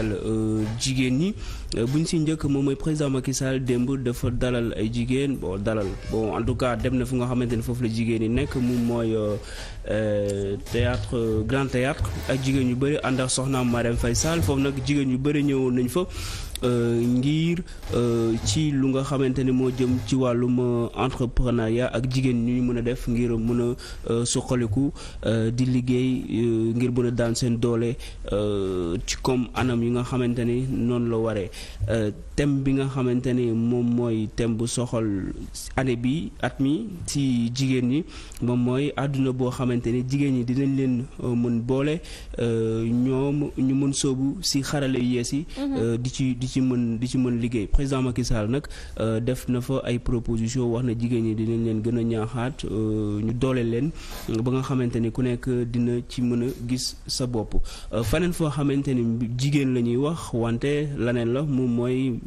Euh, jigéen ñi euh, buñ si njëkk moom mooy président Macky Sall démb dafa dalal ay jigéen boo dalal boo en tout cas dem na fu nga xamante ne foofu la jigéen yi nekk moom mooy euh, théâtre grand théâtre ak jigéen ñu bëri ànd ak soxna Marème Faye Sall foofu nag jigéen ñu bëri ñëwoon nañ fa Euh, ngir euh, ci lu nga xamante ni moo jëm ci wàllum euh, entrepreneuriat ak jigéen ñi ñu mën a def ngir mën a suqaliku di liggéey ngir mën daan seen doole ci comme anam yi nga xamante ni noonu la waree thème bi nga xamante ni moom mooy thème bu soxal année bi at mi ci jigéen ñi moom mooy àdduna boo xamante ni jigéen ñi dinañ leen mën boole ñoom ñu mën soobu si xarale yees yi mm-hmm. di ci ci mën di ci mën liggéey président ki Sall nag euh, def na fa ay proposition wax na jigéen ñi dinañ leen gën a ñaaxaat euh, ñu doole leen euh, ba nga xamante ni ku nekk dina ci mën a gis sa bopp faneen foo xamante ni jigéen la ñuy wax wante laneen la moom mooy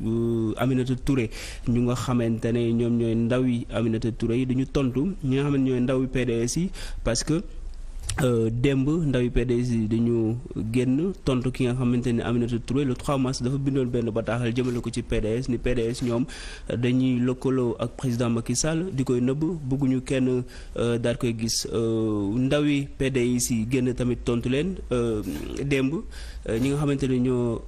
Aminata Touré ñu nga xamante ne ñoom ñooy ndaw yi Aminata Touré yi dañu tontu ñi nga xam ñooy ndaw PDS yi parce Euh, démb ndawi PDS yi dañu génn tontu ki nga xamante ne Aminata Touré le 3 mars dafa bindoon benn bataaxal jëmale ko ci PDS ni PDS ñoom dañuy lëkkaloo ak président Macky Sall di koy nëbb bëgguñu kenn euh, daal koy gis euh, ndawi PDS yi génn tamit tontu leen démb ñi nga xamante ñoo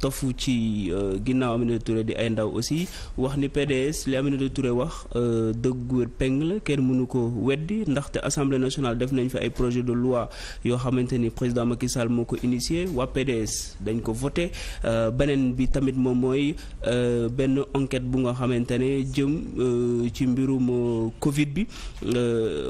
tofu ci euh, ginnaaw Aminata Touré di ay ndaw aussi wax ni PDS li Aminata Touré wax euh, dëgg peng la kenn mënu ko weddi ndaxte assemblée nationale def nañ fi ay projet de loi yoo xamante ni président Macky Sall moo ko initié waa PDS dañ ko voté euh, beneen bi tamit moom mooy benn enquête bu nga xamante ne jëm ci mbirum Covid bi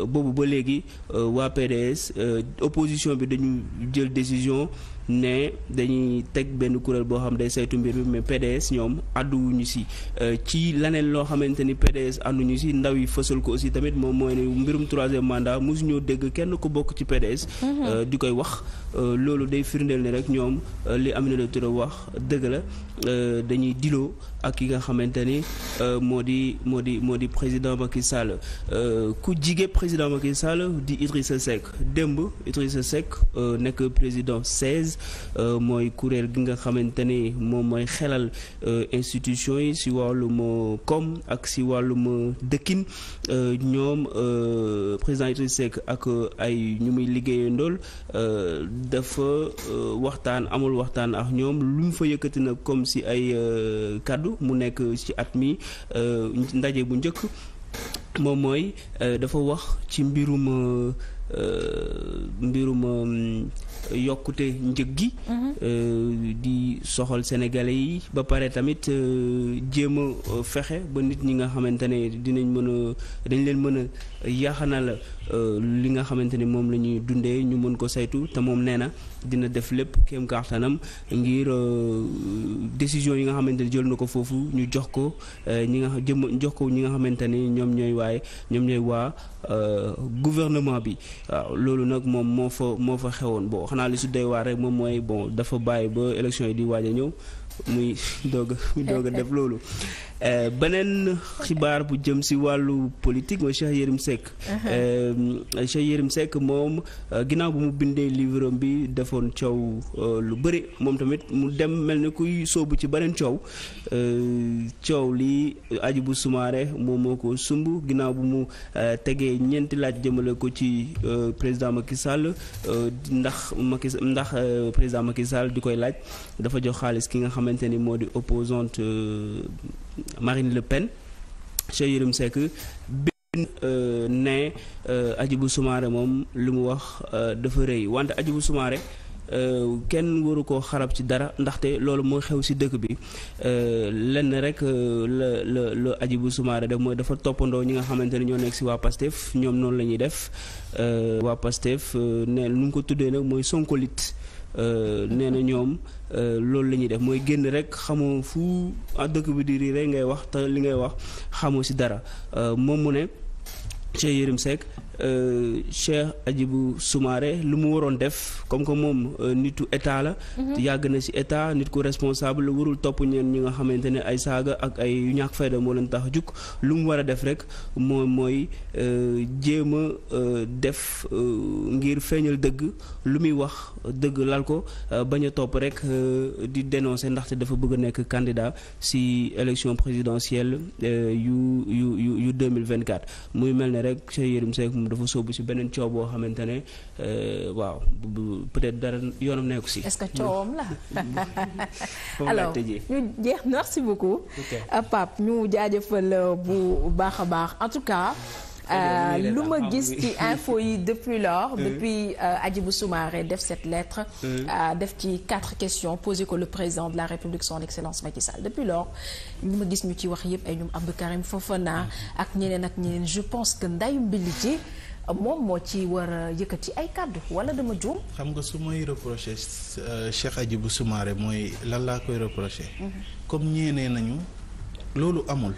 boobu ba léegi waa PDS opposition bi dañu jël décision. ne dañuy teg benn kuréel boo xam day saytu mbir bi mais PDS ñoom àdduwuñu si euh, ci laneen loo xamante ni PDS ànduñu si ndaw yi fësal ko aussi tamit moom mooy ne mbirum troisième mandat mosuñoo dégg kenn ku bokk ci PDS mm-hmm. euh, di koy wax euh, loolu day firndeel ni rek ñoom li Aminata Touré wax dëgg la dañuy diloo ak ki nga xamante ni moo di moo di moo di président Macky Sall ku jige président Macky Sall di Idrissa Seck démb Idrissa Seck nekk président 16 Euh, mooy kuréel gi nga xamante ne moom mooy xelal euh, institution yi si wàllum euh, koom ak si wàllum dëkkin ñoom président Idriss Seck ak ay ñu muy liggéeyandool dafa waxtaan amul waxtaan ak ñoom lu mu fa yëkkati nag comme si ay kàddu mu nekk ci at mi ndaje bu njëkk moom mooy dafa wax ci mbirum Euh, mbirum euh, yokkute njëg gi. Mhm. Euh, di soxal sénégalais yi ba pare tamit jéem a fexe ba nit ñi nga xamante ne dinañ mën a dañ leen mën a yaxanal li nga xamante ne moom la ñuy dundee ñu mën ko saytu te moom nee na dina def lépp kéem kàttanam ngir décision yi nga xamante ne jël na ko foofu ñu jox ko ñi nga jëm ko ñi nga xamante ne ñoom ñooy waaye ñoom ñooy waa gouvernement bi. waaw loolu nag moom moo fa moo fa xewoon bon xanaa li su doy waar rek moom mooy bon dafa bàyyi ba élection yi di waaj ñëw muy doog a muy doog a def loolu Euh, beneen xibaar bu jëm si wàllu politique mooy Cheikh Yérim Seck. Uh-huh. Euh, Cheikh Yérim Seck moom euh, ginnaaw bu mu bindee livre bi defoon coow lu bëri moom tamit mu dem mel ni kuy sóobu ci beneen coow coow li Hadjibou Soumaré moom moo ko sumb ginnaaw bu mu tegee ñeenti laaj jëmmale ko ci président Macky Sall ndax Macky ndax président Macky Sall di koy laaj dafa jox xaalis ki nga xamante ni moo di opposante. Marine Le Pen Cheikh Yérim Seck euh, ne euh, Hadjibou Soumaré moom lu mu wax euh, dafa rëy wante Hadjibou Soumaré kenn waru koo xarab ci dara ndaxte loolu moo xew ci dëkk bi lenn rek la la la Hadjibou sumaare def mooy dafa toppandoo ñi nga xamante ne ñoo nekk ci waa Pastef ñoom noonu la ñuy def waa Pastef ne lu mu ko tuddee nag mooy sonkolit Euh, nee na ñoom euh, loolu la ñuy def mooy génn rek xamoo fu dëkk bi di rii ngay wax te li ngay wax xamoo si dara euh, moom mu ne Cheikh Yérim Seck euh, Cheikh Hadjibou Soumaré lu mu waroon def comme que moom euh, nitu état la. Mhm. yàgg na ci état nit ku responsable la warul topp ñeen ñi nga xamante ne ay saaga ak ay yu ñàkk fayda moo leen tax a jug lu mu war a def rek moom mooy euh, jéem a def ngir feeñal dëgg lu muy wax dëgg lal ko bañ a topp rek di dénoncer ndaxte dafa bëgg a nekk candidat ci élection présidentielle yu yu yu yu 2024 muy mel ne rek rek Cheikh Yérim Seck moom dafa sóobu si beneen coow boo xamante ne euh, waaw peut-être dara yoonam nekku si. est-ce que coowam la. alors ñu jeex merci beaucoup. Euh, Pape ñu jaajëfal euh, bu baax a baax en tout cas. Euh, lu ma ah gis ci info yi depuis lors euh. depuis euh, Hadjibou Soumaré def cette lettre def ci quatre questions posées ko le président de la République son excellence Macky Sall depuis lors ñu ma gis ñu ci wax yëpp ay ñoom Abdou Karim Fofana mm-hmm. ak ñeneen ak ñeneen je pense que ndayu mbili ci moom moo ci war a yëkkati ay kàddu wala dama juum. xam nga su may reproché Cheikh Hadjibou Soumaré mooy lan laa koy reproché. Mm-hmm. comme ñeenee nañu loolu amul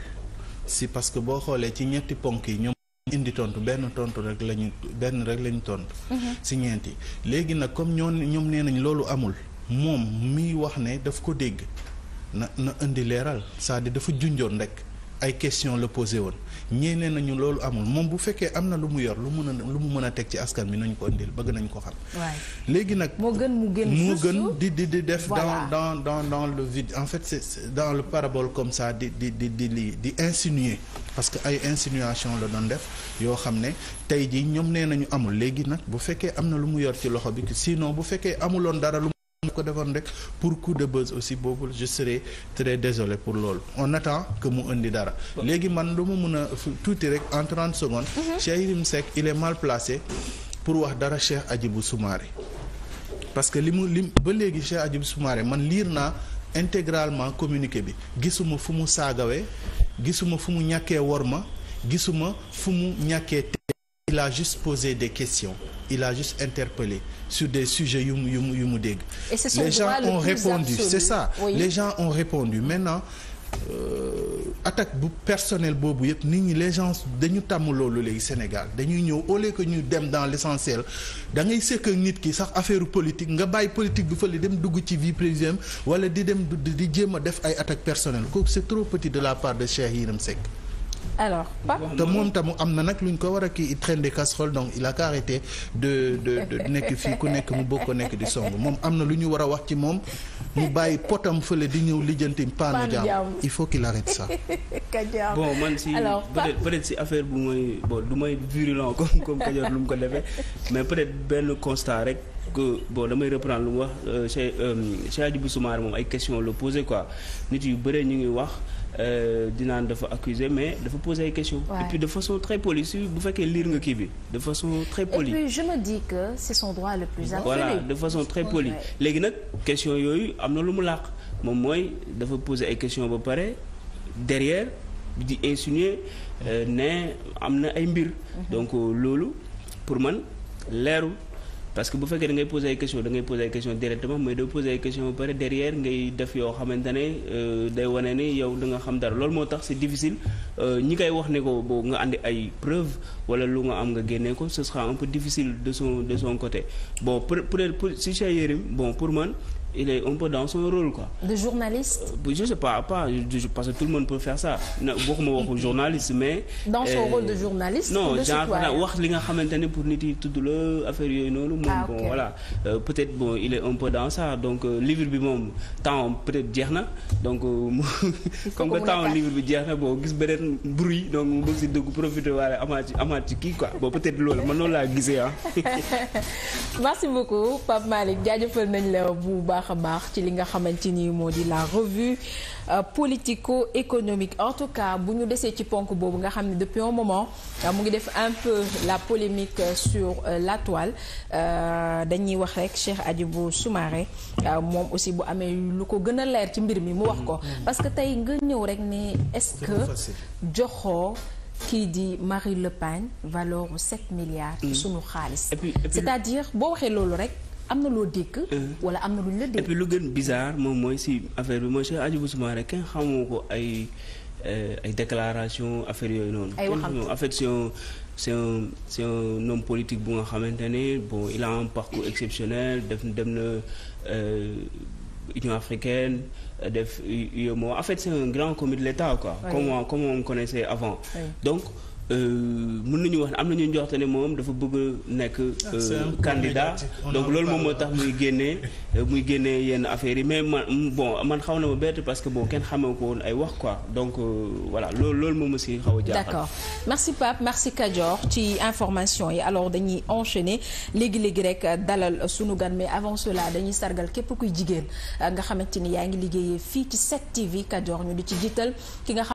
si parce que boo xoolee ci ñetti ponk yi ñoom. indi tontu benn tontu rek lañu benn rek lañu tontu. Mhm. si ñeenti léegi nag comme ñoo ñoom nee nañu loolu amul moom miy wax ne daf ko dégg na na indi leeral cest à dafa junjoon rek ay question la posé woon ñee nee nañu loolu amul moom bu fekkee am na lu mu yor lu mun a lu mu mën a teg ci askan bi nañu ko indil bëgg nañ ko xam. léegi nag. moo gën mu gën gën di di di def. dans dans dans dans le vide en fait c'est dans le parabole comme ça di di di di di insinuer. parce que ay insinuation la doon def yoo xam ne tey jii ñoom nee nañu amul léegi nag bu fekkee am na lu mu yor ci loxo bi sinon bu fekkee amuloon dara lu mu ko defoon rek pour coup de buzz aussi boobu je serai très désolé pour loolu on attend que mu indi dara. léegi man lu mu mën a tuuti rek en trente secondes. Mhm. Cheikh Yérim Seck il est mal placé pour wax dara Cheikh Hadjibou Soumaré parce que li mu li ba léegi Cheikh Hadjibou Soumaré man liir naa intégralement communiqué bi gisuma fu mu saagawee. gisuma fu mu ñàkkee wor ma gisuma fu mu ñàkkee te il a juste posé des questions il a juste interpellé sur des sujets yu mu yu mu yu mu dégg les gens ont répondu c'est ça oui. les gens ont répondu maintenant Euh, attaque bu personnel boobu yëpp nit ñi les gens dañu tàmm loolu léegi Sénégal dañuy ñëw au lieu que ñu dem dans l' essentiel da ngay sekk nit ki sax affaire politique nga bàyyi politique fa li dem dugg ci vie privée wala di dem di jéem a def ay attaque personnelle kooku c' est trop petit de la part de Cheikh Yirim Seck alors te moom tamu am na nag lu ñu ko war a kii il traîne des casseroles donc il a qu'à de de nekk fii ku nekk mu bokk ko nekk di song moom am na lu ñu war a wax ci moom mu bàyyi potam fële di ñëw lijjanti paanu jaam il faut qu'il arrête ça. bon man si peut-être si affaire bu mooy bon du may virulent comme comme Kajoor lu mu ko defee mais peut-être benn constat rek. que bon damay reprendre lu mu wax Cheikh euh, Cheikh Hadjibou Soumaré moom ay question la posé quoi nit yu bëree ñu ngi wax euh, dinaan dafa accuser mais dafa poser ay questions. et puis de façon très polie si bu fekkee liir nga kii bi de façon très polie. et puis je me dis que c'est son droit léegi nag question yooyu am na lu mu làq moom mooy dafa poser ay questions ba pare derrière di insinuer euh, ne am na ay mbir. Mhm. donc loolu pour man leerul. parce que bu fekkee da ngay poser ay question da ngay poser ay question directement mais doo poser ay question ba pare derrière ngay def yoo xamante ne euh, day wane ni yow da nga xam dara lool moo tax c'est difficile euh, ñi koy wax ne ko boo nga andi ay preuve wala lu nga am nga génnee ko ce sera un peu difficile de son de son côté bon pour pour si Cheikh Yérim bon pour man il est un peu dans son rôle quoi. de journaliste. Euh, je sais pas pas je parce que tout le monde na waxuma waxu journaliste mais. dans son euh, de journaliste. non genre wax li nga xamante ne pour nit yi tudd la affaire yooyu noonu. moom ah, bon voilà euh, peut-être bon il est un peu donc euh, livre bi moom temps peut-être jeex na donc comme que gis beneen bruit donc mu bëgg si dëgg profiter waale amaat ci amaat ci kii quoi bon peut-être loolu man noonu laa gisee ah. la bu baax a baax ci li nga xamante nii moo di la revue euh, politico économique en tout cas bu ñu desee ci ponk boobu nga xam ne depuis un moment euh, mu ngi def un peu la polémique euh, sur la toile dañuy wax rek Cheikh Adjibou Soumaré moom aussi bu amee lu ko gën a leer ci mbir mi mu wax ko mm-hmm. parce que tey nga ñëw rek ne est-ce que joxoo kii di Marie Le Pen valeur 7 milliards. ci mm. xaalis. c'est-à-dire boo waxee loolu rek. am na loo dégg. Euh. wala am na luñ la dégg. et puis lu gën bizarre moom mooy si affaire bi mooy Cheikh Hadjibou rek kenn xamoo ko ay euh, ay déclaration affaire yooyu noonu. ay waxam affection c'est un c'est un homme politique bu nga xamante ne bon il a un parcours exceptionnel def dem na. Euh, Union africaine def UEMOA en fait c'est un grand commis de l'État quoi ouais. comme comme on connaissait avant donc Euh, mën nañu wax ne am nañu njoxte ne moom dafa bëgg nekk ah, euh, candidat donc loolu moom moo tax muy génnee euh, muy génne yenn affaires yi mais man mm, bon man xaw na ma bett parce que bon kenn xamee ko woon ay wax quoi donc voilà loolu loolu moom aussi xaw a jaaxal d'accord merci Pape merci Kadior ci information yi alors dañuy enchaîner léegi-léegi rek dalal sunu gan mais avant cela dañuy sargal képp kuy jigéen nga xamante ni yaa ngi liggéeyee fii ci 7TV Kadior ñu di ci jiital ki nga